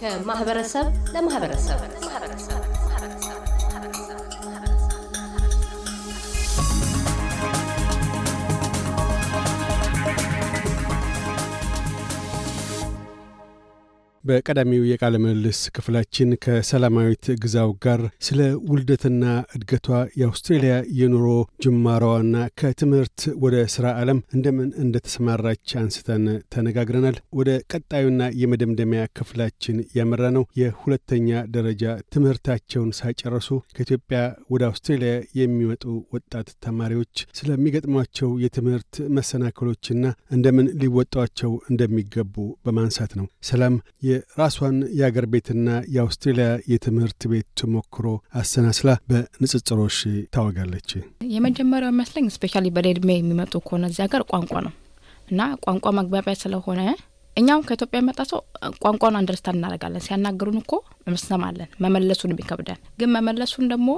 ከማህበረሰብ ለማህበረሰብ በቀዳሚው የቃለ ምልልስ ክፍላችን ከሰላማዊት ግዛው ጋር ስለ ውልደትና እድገቷ የአውስትሬልያ የኑሮ ጅማሯዋና ከትምህርት ወደ ሥራ ዓለም እንደምን እንደተሰማራች አንስተን ተነጋግረናል። ወደ ቀጣዩና የመደምደሚያ ክፍላችን ያመራ ነው የሁለተኛ ደረጃ ትምህርታቸውን ሳይጨረሱ ከኢትዮጵያ ወደ አውስትሬልያ የሚመጡ ወጣት ተማሪዎች ስለሚገጥሟቸው የትምህርት መሰናክሎችና እንደምን ሊወጧቸው እንደሚገቡ በማንሳት ነው። ሰላም የራሷን የአገር ቤትና የአውስትሬልያ የትምህርት ቤት ተሞክሮ አሰናስላ በንጽጽሮች ታወጋለች። የመጀመሪያው ይመስለኝ ስፔሻሊ በእድሜ የሚመጡ ከሆነ እዚህ ሀገር ቋንቋ ነው እና ቋንቋ መግባቢያ ስለሆነ እኛም ከኢትዮጵያ የመጣ ሰው ቋንቋን አንደርስታንድ እናደርጋለን። ሲያናግሩን እኮ እንሰማለን። መመለሱን የሚከብደን ግን መመለሱን ደግሞ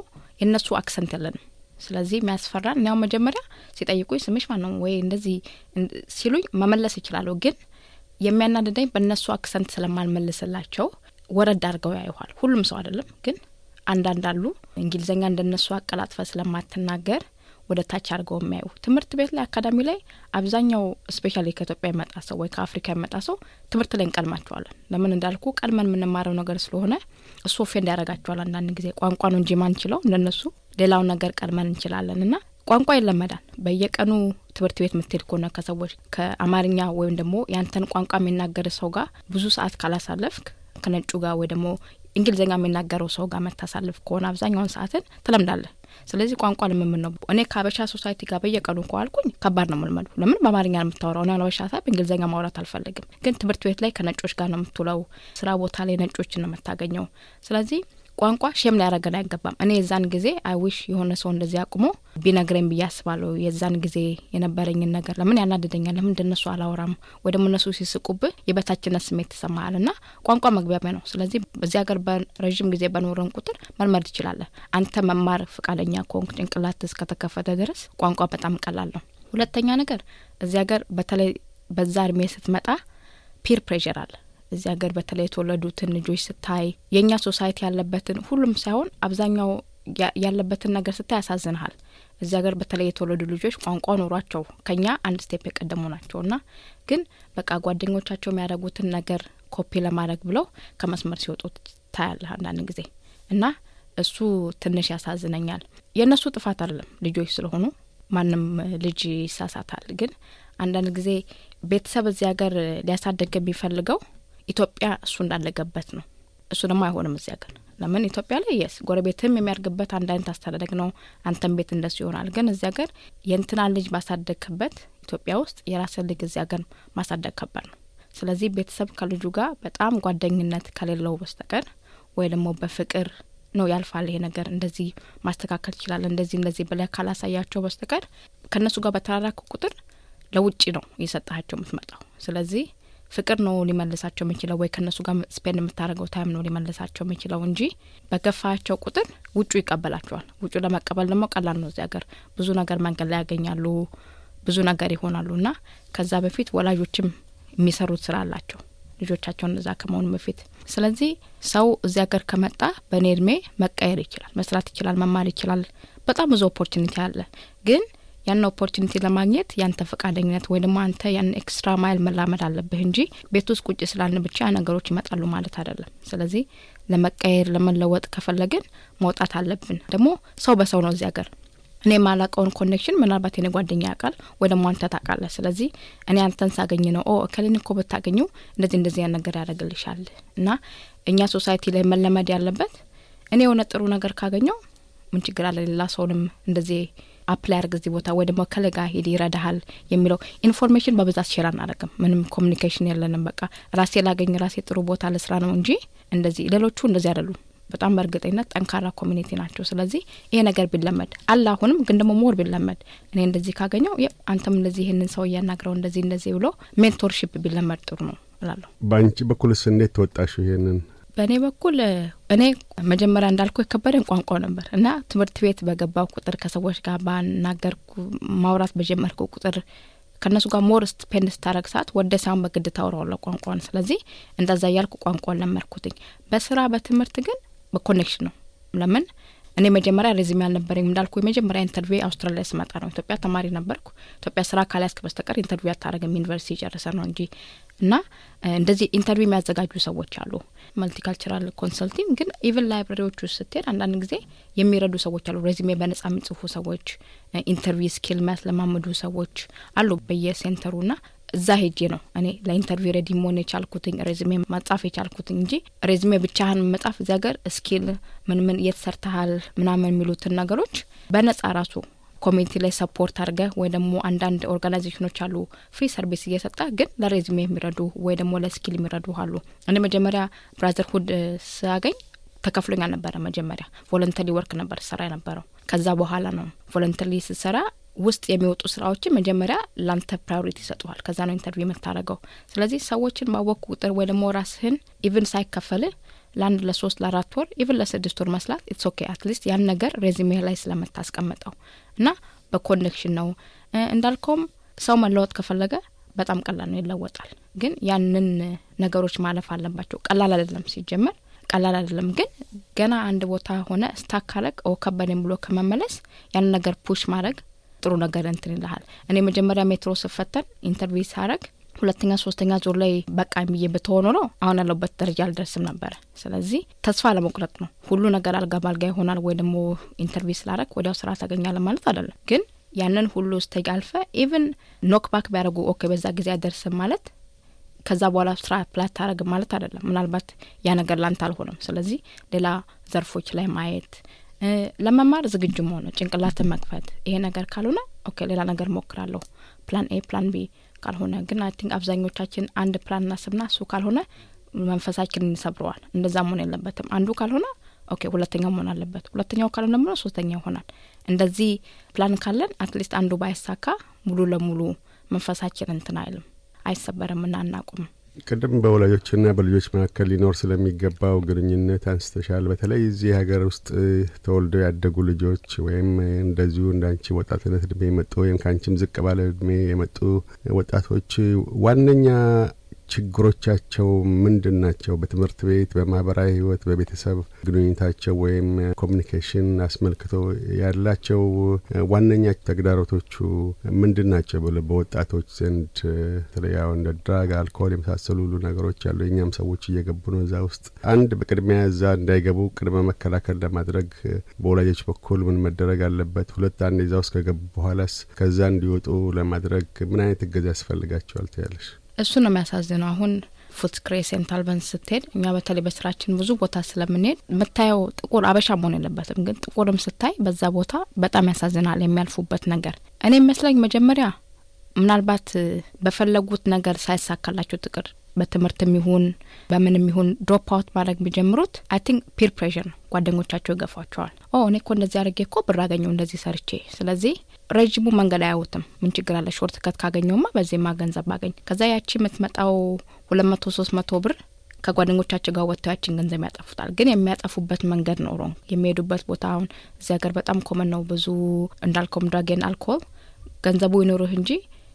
የእነሱ አክሰንት ያለንም ስለዚህ የሚያስፈራን። እኒያው መጀመሪያ ሲጠይቁኝ ስምሽ ማነው ወይ እንደዚህ ሲሉኝ መመለስ ይችላሉ ግን የሚያናድደኝ በእነሱ አክሰንት ስለማልመልስላቸው ወረድ አድርገው ያይኋል። ሁሉም ሰው አይደለም ግን አንዳንድ አሉ። እንግሊዝኛ እንደነሱ አቀላጥፈ ስለማትናገር ወደ ታች አድርገው የሚያዩ ትምህርት ቤት ላይ አካዳሚ ላይ አብዛኛው ስፔሻሊ ከኢትዮጵያ የመጣ ሰው ወይ ከአፍሪካ የመጣ ሰው ትምህርት ላይ እንቀልማቸዋለን። ለምን እንዳልኩ ቀልመን የምንማረው ነገር ስለሆነ እሱ ኦፌንድ ያደርጋቸዋል። አንዳንድ ጊዜ ቋንቋ ነው እንጂ ማንችለው እንደነሱ ሌላውን ነገር ቀልመን እንችላለን እና ቋንቋ ይለመዳል። በየቀኑ ትምህርት ቤት የምትሄድ ከሆነ ከሰዎች ከአማርኛ ወይም ደግሞ ያንተን ቋንቋ የሚናገር ሰው ጋር ብዙ ሰዓት ካላሳለፍክ ከነጩ ጋር ወይ ደግሞ እንግሊዝኛ የሚናገረው ሰው ጋር መታሳልፍ ከሆነ አብዛኛውን ሰዓትን ትለምዳለህ። ስለዚህ ቋንቋ ልምምድ ነው። እኔ ከሀበሻ ሶሳይቲ ጋር በየቀኑ ከዋልኩኝ ከባድ ነው መልመዱ። ለምን በአማርኛ ነው የምታወራው? እኔ ሀበሻ ሳይ ማውራት አልፈልግም። ግን ትምህርት ቤት ላይ ከነጮች ጋር ነው የምትውለው። ስራ ቦታ ላይ ነጮች ነው የምታገኘው። ስለዚህ ቋንቋ ሼም ሊያደረገን አይገባም። እኔ የዛን ጊዜ አይዊሽ የሆነ ሰው እንደዚህ አቁሞ ቢነግረኝ ብዬ አስባለሁ። የዛን ጊዜ የነበረኝን ነገር ለምን ያናድደኛል? ለምን እንደነሱ አላወራም? ወይ ደግሞ እነሱ ሲስቁብህ የበታችነት ስሜት ይሰማሃል። ና ቋንቋ መግቢያ ነው። ስለዚህ በዚህ ሀገር በረዥም ጊዜ በኖረን ቁጥር መልመድ ትችላለህ። አንተ መማር ፍቃደኛ ከሆንክ ጭንቅላት እስከተከፈተ ድረስ ቋንቋ በጣም ቀላል ነው። ሁለተኛ ነገር እዚህ ሀገር በተለይ በዛ እድሜ ስትመጣ ፒር ፕሬር አለ እዚህ ሀገር በተለይ የተወለዱትን ልጆች ስታይ የእኛ ሶሳይቲ ያለበትን ሁሉም ሳይሆን አብዛኛው ያለበትን ነገር ስታይ ያሳዝንሃል። እዚህ ሀገር በተለይ የተወለዱ ልጆች ቋንቋ ኖሯቸው ከኛ አንድ ስቴፕ የቀደሙ ናቸው ና ግን በቃ ጓደኞቻቸው የሚያደርጉትን ነገር ኮፒ ለማድረግ ብለው ከመስመር ሲወጡ ታያለህ አንዳንድ ጊዜ እና እሱ ትንሽ ያሳዝነኛል። የእነሱ ጥፋት አይደለም ልጆች ስለሆኑ ማንም ልጅ ይሳሳታል። ግን አንዳንድ ጊዜ ቤተሰብ እዚህ ሀገር ሊያሳደግ የሚፈልገው ኢትዮጵያ እሱ እንዳለገበት ነው። እሱ ደግሞ አይሆንም እዚያ ግን ለምን ኢትዮጵያ ላይ የስ ጎረቤትም የሚያድግበት አንድ አይነት አስተዳደግ ነው። አንተም ቤት እንደሱ ይሆናል። ግን እዚያ ገር የእንትናን ልጅ ማሳደግክበት ኢትዮጵያ ውስጥ የራስን ልጅ እዚያ ገር ማሳደግ ከባድ ነው። ስለዚህ ቤተሰብ ከልጁ ጋር በጣም ጓደኝነት ከሌለው በስተቀር ወይ ደግሞ በፍቅር ነው ያልፋል። ይሄ ነገር እንደዚህ ማስተካከል ይችላል እንደዚህ እንደዚህ ብለህ ካላሳያቸው በስተቀር ከእነሱ ጋር በተራራክ ቁጥር ለውጭ ነው እየሰጠሃቸው የምትመጣው። ስለዚህ ፍቅር ነው ሊመልሳቸው የሚችለው ወይ ከእነሱ ጋር ስፔንድ የምታደርገው ታይም ነው ሊመልሳቸው የሚችለው እንጂ በገፋቸው ቁጥር ውጩ ይቀበላቸዋል። ውጩ ለመቀበል ደግሞ ቀላል ነው። እዚህ ሀገር ብዙ ነገር መንገድ ላይ ያገኛሉ፣ ብዙ ነገር ይሆናሉ እና ከዛ በፊት ወላጆችም የሚሰሩት ስራ አላቸው ልጆቻቸውን እዛ ከመሆኑ በፊት። ስለዚህ ሰው እዚህ ሀገር ከመጣ በእኔ እድሜ መቀየር ይችላል፣ መስራት ይችላል፣ መማር ይችላል። በጣም ብዙ ኦፖርቹኒቲ አለ ግን ያን ኦፖርቹኒቲ ለማግኘት ያንተ ፈቃደኝነት ወይ ደግሞ አንተ ያን ኤክስትራ ማይል መላመድ አለብህ እንጂ ቤት ውስጥ ቁጭ ስላልን ብቻ ነገሮች ይመጣሉ ማለት አይደለም። ስለዚህ ለመቀየር ለመለወጥ ከፈለግን መውጣት አለብን። ደግሞ ሰው በሰው ነው እዚህ ሀገር እኔ የማላቀውን ኮኔክሽን ምናልባት የኔ ጓደኛ ያውቃል ወይ ደግሞ አንተ ታውቃለህ። ስለዚህ እኔ አንተን ሳገኝ ነው ኦ እከሌን እኮ ብታገኙ እንደዚህ እንደዚህ ያን ነገር ያደርግልሻል። እና እኛ ሶሳይቲ ላይ መለመድ ያለበት እኔ የሆነ ጥሩ ነገር ካገኘው ምን ችግር አለ ሌላ ሰውንም እንደዚህ አፕላይ አርግ እዚህ ቦታ ወይ ደግሞ ከለጋ ሄድ ይረዳሃል የሚለው ኢንፎርሜሽን በብዛት ሼር አናደርግም። ምንም ኮሚኒኬሽን የለንም። በቃ ራሴ ላገኝ ራሴ ጥሩ ቦታ ለስራ ነው እንጂ እንደዚህ ሌሎቹ እንደዚህ አይደሉም። በጣም በእርግጠኝነት ጠንካራ ኮሚኒቲ ናቸው። ስለዚህ ይሄ ነገር ቢለመድ አለ አሁንም ግን ደግሞ ሞር ቢለመድ እኔ እንደዚህ ካገኘው አንተም እንደዚህ ይህንን ሰው እያናግረው እንደዚህ እንደዚህ ብሎ ሜንቶርሺፕ ቢለመድ ጥሩ ነው እላለሁ። በአንቺ በኩልስ እንዴት ተወጣሽው ይሄንን? በእኔ በኩል እኔ መጀመሪያ እንዳልኩ የከበደኝ ቋንቋው ነበር እና ትምህርት ቤት በገባው ቁጥር ከሰዎች ጋር ባናገርኩ ማውራት በጀመርኩ ቁጥር ከእነሱ ጋር ሞር ስፔንድ ስታረግ ሰዓት ወደ ሳሁን በግድ ታውረዋለ ቋንቋን። ስለዚህ እንደዛ እያልኩ ቋንቋን ለመርኩትኝ። በስራ በትምህርት ግን በኮኔክሽን ነው። ለምን እኔ መጀመሪያ ሬዚሜ አልነበረኝም እንዳልኩ የመጀመሪያ ኢንተርቪው አውስትራሊያ ስመጣ ነው። ኢትዮጵያ ተማሪ ነበርኩ። ኢትዮጵያ ስራ ካልያዝክ በስተቀር ኢንተርቪው አታደርግም ዩኒቨርሲቲ የጨረሰ ነው እንጂ እና እንደዚህ ኢንተርቪው የሚያዘጋጁ ሰዎች አሉ። መልቲካልቸራል ኮንሰልቲንግ ግን ኢቨን ላይብራሪዎች ውስጥ ስትሄድ አንዳንድ ጊዜ የሚረዱ ሰዎች አሉ። ሬዚሜ በነጻ የሚጽፉ ሰዎች፣ ኢንተርቪው ስኪል የሚያስለማምዱ ሰዎች አሉ በየሴንተሩ ና እዛ ሄጄ ነው እኔ ለኢንተርቪው ሬዲ መሆን የቻልኩትኝ ሬዝሜ መጻፍ የቻልኩትኝ እንጂ ሬዝሜ ብቻህን መጻፍ እዚ ሀገር ስኪል ምን ምን የት ሰርተሃል ምናምን የሚሉትን ነገሮች በነጻ ራሱ ኮሚኒቲ ላይ ሰፖርት አድርገ ወይ ደግሞ አንዳንድ ኦርጋናይዜሽኖች አሉ ፍሪ ሰርቪስ እየሰጠ ግን ለሬዝሜ የሚረዱ ወይ ደግሞ ለስኪል የሚረዱ አሉ። እኔ መጀመሪያ ብራዘርሁድ ስያገኝ ተከፍሎኝ አልነበረ። መጀመሪያ ቮለንተሪ ወርክ ነበር ስራ የነበረው። ከዛ በኋላ ነው ቮለንተሪ ስሰራ ውስጥ የሚወጡ ስራዎችን መጀመሪያ ላንተ ፕራዮሪቲ ይሰጡሃል። ከዛ ነው ኢንተርቪው የምታደርገው። ስለዚህ ሰዎችን ባወቅኩ ቁጥር ወይ ደግሞ ራስህን ኢቭን ሳይከፈልህ ለአንድ ለሶስት ለአራት ወር ኢቭን ለስድስት ወር መስላት ኢትስ ኦኬ አትሊስት ያን ነገር ሬዚሜ ላይ ስለምታስቀምጠው እና በኮኔክሽን ነው እንዳልከውም ሰው መለወጥ ከፈለገ በጣም ቀላል ነው፣ ይለወጣል። ግን ያንን ነገሮች ማለፍ አለባቸው። ቀላል አይደለም ሲጀመር ቀላል አይደለም። ግን ገና አንድ ቦታ ሆነ ስታክ ኦ ከበደኝ ብሎ ከመመለስ ያንን ነገር ፑሽ ማድረግ ጥሩ ነገር እንትን ይልሃል። እኔ መጀመሪያ ሜትሮ ስፈተን ኢንተርቪው ሳረግ ሁለተኛ ሶስተኛ ዙር ላይ በቃ ብዬ ብትሆኑ ነው አሁን ያለውበት ደረጃ አልደርስም ነበረ። ስለዚህ ተስፋ ለመቁረጥ ነው። ሁሉ ነገር አልጋ ባልጋ ይሆናል ወይ ደግሞ ኢንተርቪው ስላረግ ወዲያው ስራ ታገኛለ ማለት አይደለም። ግን ያንን ሁሉ ስቴጅ አልፈ ኢቨን ኖክ ባክ ቢያደርጉ ኦኬ፣ በዛ ጊዜ አይደርስም ማለት ከዛ በኋላ ስራ ፕላት ታደረግ ማለት አይደለም። ምናልባት ያ ነገር ላንተ አልሆነም። ስለዚህ ሌላ ዘርፎች ላይ ማየት ለመማር ዝግጁ መሆኑ፣ ጭንቅላትን መክፈት። ይሄ ነገር ካልሆነ ኦኬ ሌላ ነገር ሞክራለሁ፣ ፕላን ኤ ፕላን ቢ ካልሆነ ግን አይ ቲንክ አብዛኞቻችን አንድ ፕላን እናስብና እሱ ካልሆነ መንፈሳችንን እንሰብረዋል እንደዛ መሆን የለበትም። አንዱ ካልሆነ ኦኬ ሁለተኛው መሆን አለበት። ሁለተኛው ካልሆነ ደግሞ ሶስተኛ ይሆናል። እንደዚህ ፕላን ካለን አትሊስት አንዱ ባይሳካ ሙሉ ለሙሉ መንፈሳችን እንትን አይልም፣ አይሰበርም እና አናቁም። ቅድም በወላጆችና በልጆች መካከል ሊኖር ስለሚገባው ግንኙነት አንስተሻል። በተለይ እዚህ ሀገር ውስጥ ተወልደው ያደጉ ልጆች ወይም እንደዚሁ እንዳንቺ ወጣትነት እድሜ የመጡ ወይም ከአንቺም ዝቅ ባለ እድሜ የመጡ ወጣቶች ዋነኛ ችግሮቻቸው ምንድን ናቸው? በትምህርት ቤት፣ በማህበራዊ ህይወት፣ በቤተሰብ ግንኙነታቸው ወይም ኮሚኒኬሽን አስመልክቶ ያላቸው ዋነኛ ተግዳሮቶቹ ምንድን ናቸው? ብሎ በወጣቶች ዘንድ በተለይ እንደ ድራግ፣ አልኮል የመሳሰሉ ሁሉ ነገሮች ያሉ የእኛም ሰዎች እየገቡ ነው እዛ ውስጥ። አንድ በቅድሚያ እዛ እንዳይገቡ ቅድመ መከላከል ለማድረግ በወላጆች በኩል ምን መደረግ አለበት? ሁለት አንድ እዛ ውስጥ ከገቡ በኋላስ ከዛ እንዲወጡ ለማድረግ ምን አይነት እገዛ ያስፈልጋቸዋል ትያለሽ? እሱ ነው የሚያሳዝነው። አሁን ፉትስክሬ ሴንት አልበንስ ስትሄድ እኛ በተለይ በስራችን ብዙ ቦታ ስለምንሄድ የምታየው ጥቁር አበሻ መሆን የለበትም፣ ግን ጥቁርም ስታይ በዛ ቦታ በጣም ያሳዝናል የሚያልፉበት ነገር። እኔ ይመስለኝ መጀመሪያ ምናልባት በፈለጉት ነገር ሳይሳካላቸው ጥቅር በትምህርትም ይሁን በምንም ይሁን ድሮፕ አውት ማድረግ የሚጀምሩት አይ ቲንክ ፒር ፕሬሽር ነው። ጓደኞቻቸው ይገፏቸዋል። ኦ እኔ እኮ እንደዚህ አድርጌ እኮ ብር አገኘው እንደዚህ ሰርቼ። ስለዚህ ረዥሙ መንገድ አያዩትም። ምን ችግር አለ ሾርት ከት ካገኘውማ ማ ገንዘብ ባገኝ። ከዛ ያቺ የምትመጣው ሁለት መቶ ሶስት መቶ ብር ከጓደኞቻቸው ጋር ወጥተው ያችን ገንዘብ ያጠፉታል። ግን የሚያጠፉበት መንገድ ነው ሮንግ። የሚሄዱበት ቦታ አሁን እዚህ ሀገር በጣም ኮመን ነው። ብዙ እንዳልኮም ድራግ ኤንድ አልኮል ገንዘቡ ይኖሩህ እንጂ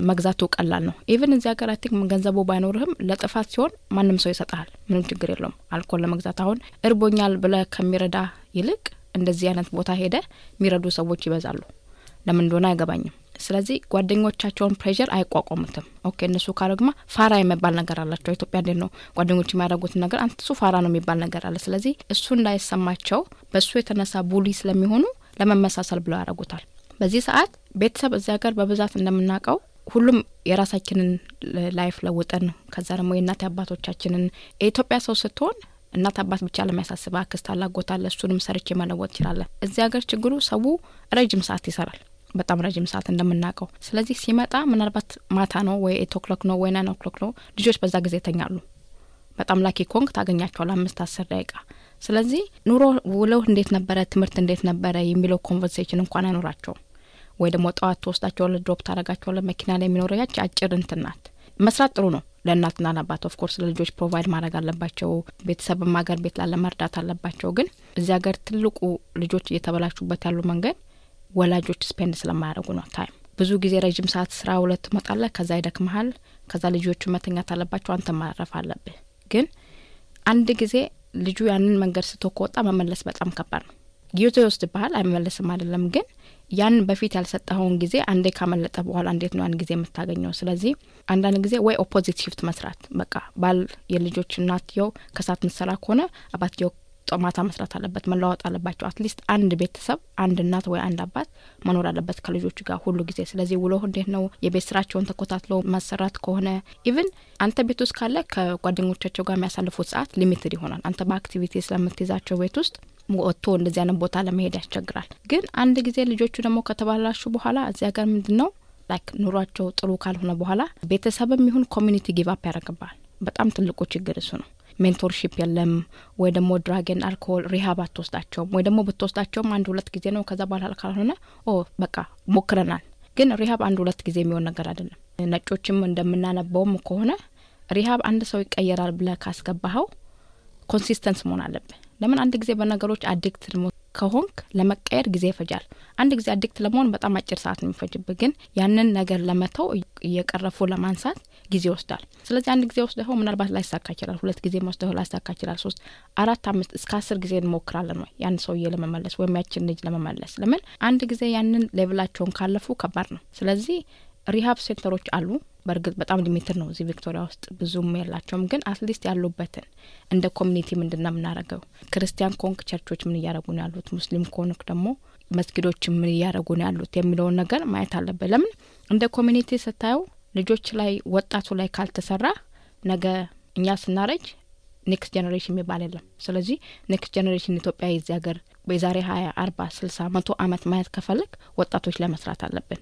መግዛቱ ቀላል ነው። ኢቨን እዚህ ሀገር አይ ቲንክ ገንዘቡ ባይኖርህም ለጥፋት ሲሆን ማንም ሰው ይሰጠሃል። ምንም ችግር የለውም። አልኮል ለመግዛት አሁን እርቦኛል ብለ ከሚረዳ ይልቅ እንደዚህ አይነት ቦታ ሄደ የሚረዱ ሰዎች ይበዛሉ። ለምን እንደሆነ አይገባኝም። ስለዚህ ጓደኞቻቸውን ፕሬዠር አይቋቋሙትም። ኦኬ እነሱ ግማ ፋራ የሚባል ነገር አላቸው። ኢትዮጵያ እንዴት ነው ጓደኞች የሚያደርጉትን ነገር አንሱ እሱ ፋራ ነው የሚባል ነገር አለ። ስለዚህ እሱ እንዳይሰማቸው በእሱ የተነሳ ቡሊ ስለሚሆኑ ለመመሳሰል ብለው ያደርጉታል። በዚህ ሰዓት ቤተሰብ እዚያ ሀገር በብዛት እንደምናውቀው ሁሉም የራሳችንን ላይፍ ለውጠን ከዛ ደግሞ የእናት አባቶቻችንን የኢትዮጵያ ሰው ስትሆን እናት አባት ብቻ ለሚያሳስበ አክስት አላጎታለ እሱንም ሰርቼ መለወጥ ይችላለን። እዚህ ሀገር ችግሩ ሰው ረጅም ሰዓት ይሰራል፣ በጣም ረጅም ሰዓት እንደምናውቀው። ስለዚህ ሲመጣ ምናልባት ማታ ነው ወይ ኤት ኦክሎክ ነው ወይ ናይን ኦክሎክ ነው፣ ልጆች በዛ ጊዜ ይተኛሉ። በጣም ላኪ ኮንክ ታገኛቸዋል፣ አምስት አስር ደቂቃ። ስለዚህ ኑሮ ውለው እንዴት ነበረ፣ ትምህርት እንዴት ነበረ የሚለው ኮንቨርሴሽን እንኳን አይኖራቸውም። ወይ ደግሞ ጠዋት ተወስዳቸዋለህ ድሮፕ ታደረጋቸዋለህ መኪና ላይ የሚኖረው ያች አጭር እንትን ናት። መስራት ጥሩ ነው ለእናትና ለአባት ኦፍኮርስ፣ ለልጆች ፕሮቫይድ ማድረግ አለባቸው። ቤተሰብም ሀገር ቤት ላለ መርዳት አለባቸው። ግን እዚህ ሀገር ትልቁ ልጆች እየተበላሹበት ያሉ መንገድ ወላጆች ስፔንድ ስለማያደርጉ ነው ታይም ብዙ ጊዜ ረዥም ሰዓት ስራ ሁለት ትመጣለህ፣ ከዛ ይደክመሃል፣ ከዛ ልጆቹ መተኛት አለባቸው፣ አንተ ማረፍ አለብህ። ግን አንድ ጊዜ ልጁ ያንን መንገድ ስቶ ከወጣ መመለስ በጣም ከባድ ነው። ጊዜ ይወስድብሃል፣ አይመለስም አይደለም። ግን ያን በፊት ያልሰጠኸውን ጊዜ አንዴ ካመለጠ በኋላ እንዴት ነው ያን ጊዜ የምታገኘው? ስለዚህ አንዳንድ ጊዜ ወይ ኦፖዚት ሽፍት መስራት በቃ ባል የልጆች እናትየው ከሳት ምሰራ ከሆነ አባትየው ጦማታ መስራት አለበት፣ መለዋወጥ አለባቸው። አትሊስት አንድ ቤተሰብ አንድ እናት ወይ አንድ አባት መኖር አለበት ከልጆች ጋር ሁሉ ጊዜ። ስለዚህ ውሎ እንዴት ነው የቤት ስራቸውን ተኮታትሎ መሰራት ከሆነ ኢቭን አንተ ቤት ውስጥ ካለ ከጓደኞቻቸው ጋር የሚያሳልፉት ሰዓት ሊሚትድ ይሆናል። አንተ በአክቲቪቲ ስለምትይዛቸው ቤት ውስጥ ወጥቶ እንደዚህ አይነት ቦታ ለመሄድ ያስቸግራል። ግን አንድ ጊዜ ልጆቹ ደግሞ ከተባላሹ በኋላ እዚህ ሀገር ምንድን ነው ላይክ ኑሯቸው ጥሩ ካልሆነ በኋላ ቤተሰብም ይሁን ኮሚኒቲ ጊቭ አፕ ያደርግባል። በጣም ትልቁ ችግር እሱ ነው። ሜንቶርሺፕ የለም ወይ ደግሞ ድራግን አልኮል ሪሃብ አትወስዳቸውም ወይ ደግሞ ብትወስዳቸውም አንድ ሁለት ጊዜ ነው። ከዛ በኋላ ካልሆነ ኦ በቃ ሞክረናል። ግን ሪሀብ አንድ ሁለት ጊዜ የሚሆን ነገር አይደለም። ነጮችም እንደምናነበውም ከሆነ ሪሃብ አንድ ሰው ይቀየራል ብለ ካስገባኸው ኮንሲስተንስ መሆን አለብ ለምን አንድ ጊዜ በነገሮች አዲክት ከሆንክ ለመቀየር ጊዜ ይፈጃል። አንድ ጊዜ አዲክት ለመሆን በጣም አጭር ሰዓት ነው የሚፈጅብህ፣ ግን ያንን ነገር ለመተው እየቀረፉ ለማንሳት ጊዜ ይወስዳል። ስለዚህ አንድ ጊዜ ወስደኸው ምናልባት ላይሳካ ይችላል። ሁለት ጊዜ ወስደኸው ላይሳካ ይችላል። ሶስት፣ አራት፣ አምስት እስከ አስር ጊዜ እንሞክራለን ወይ ያን ሰውዬ ለመመለስ ወይም ያችን ልጅ ለመመለስ። ለምን አንድ ጊዜ ያንን ሌብላቸውን ካለፉ ከባድ ነው። ስለዚህ ሪሀብ ሴንተሮች አሉ። በእርግጥ በጣም ሊሚትድ ነው እዚህ ቪክቶሪያ ውስጥ ብዙም የላቸውም። ግን አትሊስት ያሉበትን እንደ ኮሚኒቲ ምንድን ነው የምናደርገው? ክርስቲያን ኮንክ ቸርቾች ምን እያደረጉ ነው ያሉት፣ ሙስሊም ኮንክ ደግሞ መስጊዶች ምን እያደረጉ ነው ያሉት የሚለውን ነገር ማየት አለበት። ለምን እንደ ኮሚኒቲ ስታየው ልጆች ላይ ወጣቱ ላይ ካልተሰራ ነገ እኛ ስናረጅ ኔክስት ጀኔሬሽን የሚባል የለም። ስለዚህ ኔክስት ጀኔሬሽን ኢትዮጵያ የዚህ ሀገር የዛሬ ሀያ አርባ ስልሳ መቶ አመት ማየት ከፈለግ ወጣቶች ላይ መስራት አለብን።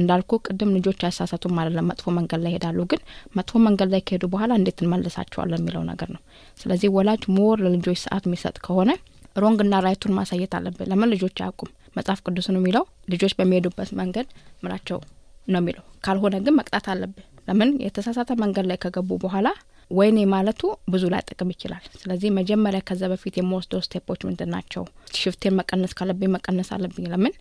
እንዳልኩ ቅድም ልጆች አይሳሳቱም አይደለም፣ መጥፎ መንገድ ላይ ይሄዳሉ። ግን መጥፎ መንገድ ላይ ከሄዱ በኋላ እንዴት እንመልሳቸዋለን የሚለው ነገር ነው። ስለዚህ ወላጅ ሞር ለልጆች ሰዓት የሚሰጥ ከሆነ ሮንግና ራይቱን ማሳየት አለብን። ለምን ልጆች አያውቁም? መጽሐፍ ቅዱስ ነው የሚለው ልጆች በሚሄዱበት መንገድ ምራቸው ነው የሚለው። ካልሆነ ግን መቅጣት አለብን። ለምን የተሳሳተ መንገድ ላይ ከገቡ በኋላ ወይኔ ማለቱ ብዙ ላይ ጥቅም ይችላል። ስለዚህ መጀመሪያ ከዛ በፊት የምወስደው ስቴፖች ምንድን ናቸው? ሽፍቴን መቀነስ ካለብኝ መቀነስ አለብኝ። ለምን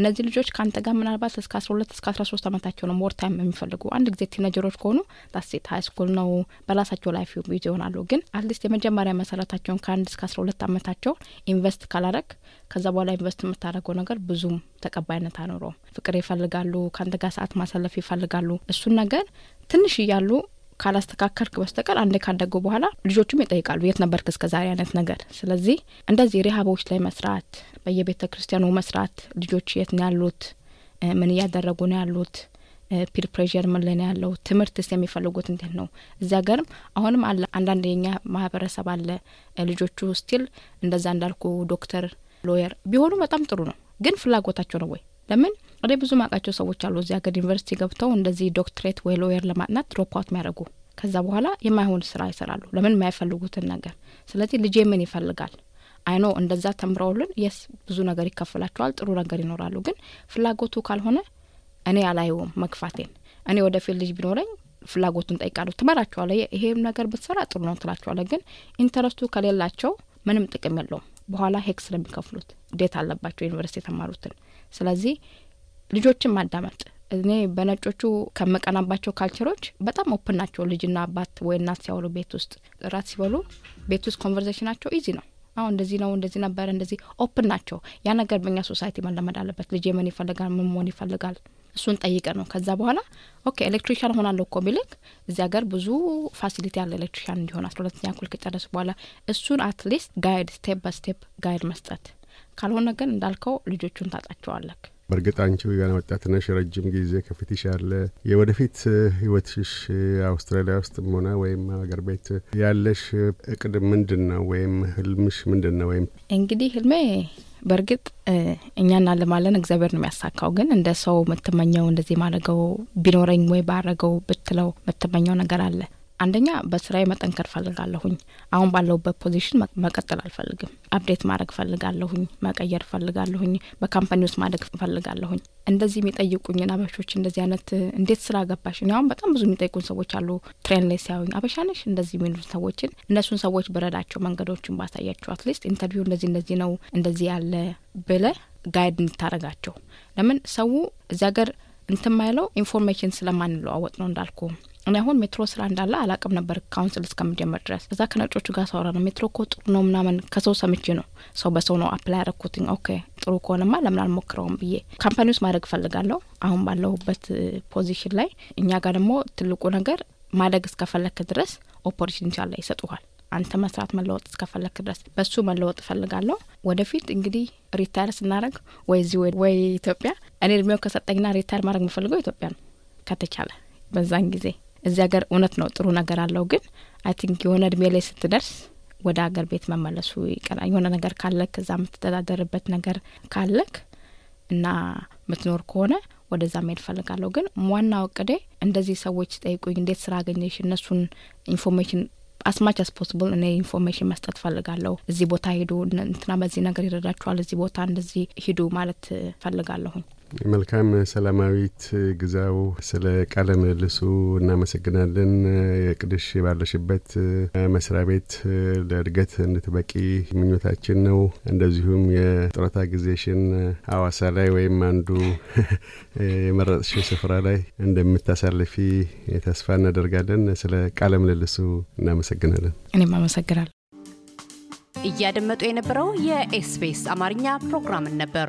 እነዚህ ልጆች ከአንተ ጋር ምናልባት እስከ አስራ ሁለት እስከ አስራ ሶስት አመታቸው ነው ሞር ታይም የሚፈልጉ አንድ ጊዜ ቲነጀሮች ከሆኑ ዳሴት ሀይ ስኩል ነው በራሳቸው ላይፍ ቢዚ ይሆናሉ። ግን አትሊስት የመጀመሪያ መሰረታቸውን ከአንድ እስከ አስራ ሁለት አመታቸው ኢንቨስት ካላረግ ከዛ በኋላ ኢንቨስት የምታደረገው ነገር ብዙም ተቀባይነት አይኖረውም። ፍቅር ይፈልጋሉ፣ ከአንተ ጋር ሰዓት ማሳለፍ ይፈልጋሉ። እሱን ነገር ትንሽ እያሉ ካላስተካከልክ በስተቀር አንዴ ካደጉ በኋላ ልጆቹም ይጠይቃሉ የት ነበርክ እስከ ዛሬ አይነት ነገር። ስለዚህ እንደዚህ ሪሃቦች ላይ መስራት፣ በየቤተ ክርስቲያኑ መስራት፣ ልጆች የት ነው ያሉት፣ ምን እያደረጉ ነው ያሉት፣ ፒር ፕሬር ምን ላይ ነው ያለው፣ ትምህርትስ የሚፈልጉት እንዴት ነው። እዚያ ገርም አሁንም አለ አንዳንድ የኛ ማህበረሰብ አለ ልጆቹ ስቲል እንደዛ እንዳልኩ ዶክተር ሎየር ቢሆኑ በጣም ጥሩ ነው። ግን ፍላጎታቸው ነው ወይ ለምን እኔ ብዙ ማውቃቸው ሰዎች አሉ እዚህ ሀገር ዩኒቨርሲቲ ገብተው እንደዚህ ዶክትሬት ወይ ሎየር ለማጥናት ድሮፓውት የሚያደርጉ ከዛ በኋላ የማይሆን ስራ ይሰራሉ። ለምን የማይፈልጉትን ነገር። ስለዚህ ልጄ ምን ይፈልጋል አይኖ እንደዛ ተምረውልን የስ ብዙ ነገር ይከፈላቸዋል፣ ጥሩ ነገር ይኖራሉ። ግን ፍላጎቱ ካልሆነ እኔ አላየውም መግፋቴን። እኔ ወደፊት ልጅ ቢኖረኝ ፍላጎቱን ጠይቃሉ ትመራቸዋለ። ይሄ ነገር ብትሰራ ጥሩ ነው ትላቸዋለ። ግን ኢንተረስቱ ከሌላቸው ምንም ጥቅም የለውም። በኋላ ሄክ ስለሚከፍሉት ዴት አለባቸው ዩኒቨርስቲ የተማሩትን ስለዚህ ልጆችን ማዳመጥ እኔ በነጮቹ ከመቀናባቸው ካልቸሮች በጣም ኦፕን ናቸው። ልጅና አባት ወይ እናት ሲያወሉ ቤት ውስጥ ጥራት ሲበሉ ቤት ውስጥ ኮንቨርሴሽናቸው ኢዚ ነው። አሁ እንደዚህ ነው እንደዚህ ነበረ እንደዚህ ኦፕን ናቸው። ያ ነገር በእኛ ሶሳይቲ መለመድ አለበት። ልጅ ምን ይፈልጋል፣ ምን መሆን ይፈልጋል እሱን ጠይቀ ነው። ከዛ በኋላ ኦኬ ኤሌክትሪሻን ሆናለሁ እኮ ቢልክ እዚ ሀገር ብዙ ፋሲሊቲ ያለ ኤሌክትሪሻን እንዲሆን አስራ ሁለተኛ ክፍል ከጨረሱ በኋላ እሱን አትሊስት ጋይድ ስቴፕ በስቴፕ ጋይድ መስጠት ካልሆነ ግን እንዳልከው ልጆቹን ታጣቸዋለክ። በእርግጥ አንቺ ገና ወጣት ነሽ፣ ረጅም ጊዜ ከፊትሽ ያለ የወደፊት ህይወትሽ አውስትራሊያ ውስጥ ሆነ ወይም ሀገር ቤት ያለሽ እቅድ ምንድን ነው? ወይም ህልምሽ ምንድን ነው? ወይም እንግዲህ ህልሜ በእርግጥ እኛ እናልማለን፣ እግዚአብሔር ነው የሚያሳካው። ግን እንደ ሰው የምትመኘው እንደዚህ ማድረገው ቢኖረኝ ወይ ባረገው ብትለው የምትመኘው ነገር አለ። አንደኛ በስራዬ መጠንከር ፈልጋለሁኝ። አሁን ባለሁበት ፖዚሽን መቀጠል አልፈልግም። አፕዴት ማድረግ ፈልጋለሁኝ፣ መቀየር ፈልጋለሁኝ፣ በካምፓኒ ውስጥ ማደግ ፈልጋለሁኝ። እንደዚህ የሚጠይቁኝን አበሾች እንደዚህ አይነት እንዴት ስራ ገባሽ? እኔ አሁን በጣም ብዙ የሚጠይቁን ሰዎች አሉ። ትሬን ላይ ሲያዩኝ አበሻነሽ እንደዚህ የሚሉ ሰዎችን እነሱን ሰዎች ብረዳቸው፣ መንገዶችን ባሳያቸው፣ አትሊስት ኢንተርቪው እንደዚህ እንደዚህ ነው እንደዚህ ያለ ብለ ጋይድ እንታደረጋቸው። ለምን ሰው እዚ ሀገር እንትማይለው ኢንፎርሜሽን ስለማንለዋወጥ ነው እንዳልኩ እኔ አሁን ሜትሮ ስራ እንዳለ አላቅም ነበር ካውንስል እስከምጀምር ድረስ። ከዛ ከነጮቹ ጋር ሳወራ ነው ሜትሮ እኮ ጥሩ ነው ምናምን ከሰው ሰምቼ ነው ሰው በሰው ነው አፕላይ ያረኩትኝ። ኦኬ ጥሩ ከሆነማ ለምን አልሞክረውም ብዬ ካምፓኒ ውስጥ ማድረግ እፈልጋለሁ። አሁን ባለሁበት ፖዚሽን ላይ እኛ ጋር ደግሞ ትልቁ ነገር ማደግ እስከፈለክ ድረስ ኦፖርቹኒቲ አለ፣ ይሰጡሃል። አንተ መስራት መለወጥ እስከፈለክ ድረስ በሱ መለወጥ እፈልጋለሁ። ወደፊት እንግዲህ ሪታይር ስናደረግ ወይ እዚህ ወይ ኢትዮጵያ። እኔ እድሜው ከሰጠኝና ሪታይር ማድረግ የምፈልገው ኢትዮጵያ ነው ከተቻለ በዛን ጊዜ እዚህ ሀገር እውነት ነው ጥሩ ነገር አለው። ግን አይ ቲንክ የሆነ እድሜ ላይ ስትደርስ ወደ ሀገር ቤት መመለሱ ይቀላል። የሆነ ነገር ካለክ እዛ የምትተዳደርበት ነገር ካለክ እና ምትኖር ከሆነ ወደዛ መሄድ ፈልጋለሁ። ግን ዋና እቅዴ እንደዚህ ሰዎች ጠይቁኝ፣ እንዴት ስራ አገኘሽ፣ እነሱን ኢንፎርሜሽን አስማች አስ ፖስብል እኔ ኢንፎርሜሽን መስጠት ፈልጋለሁ። እዚህ ቦታ ሂዱ፣ እንትና በዚህ ነገር ይረዳችኋል፣ እዚህ ቦታ እንደዚህ ሂዱ ማለት ፈልጋለሁኝ። መልካም ሰላማዊት ግዛው፣ ስለ ቃለ ምልልሱ እናመሰግናለን። የቅድሽ ባለሽበት መስሪያ ቤት ለእድገት እንድትበቂ ምኞታችን ነው። እንደዚሁም የጥረታ ጊዜሽን አዋሳ ላይ ወይም አንዱ የመረጥሽ ስፍራ ላይ እንደምታሳልፊ ተስፋ እናደርጋለን። ስለ ቃለ ምልልሱ እናመሰግናለን። እኔም አመሰግናለሁ። እያደመጡ የነበረው የኤስፔስ አማርኛ ፕሮግራምን ነበር።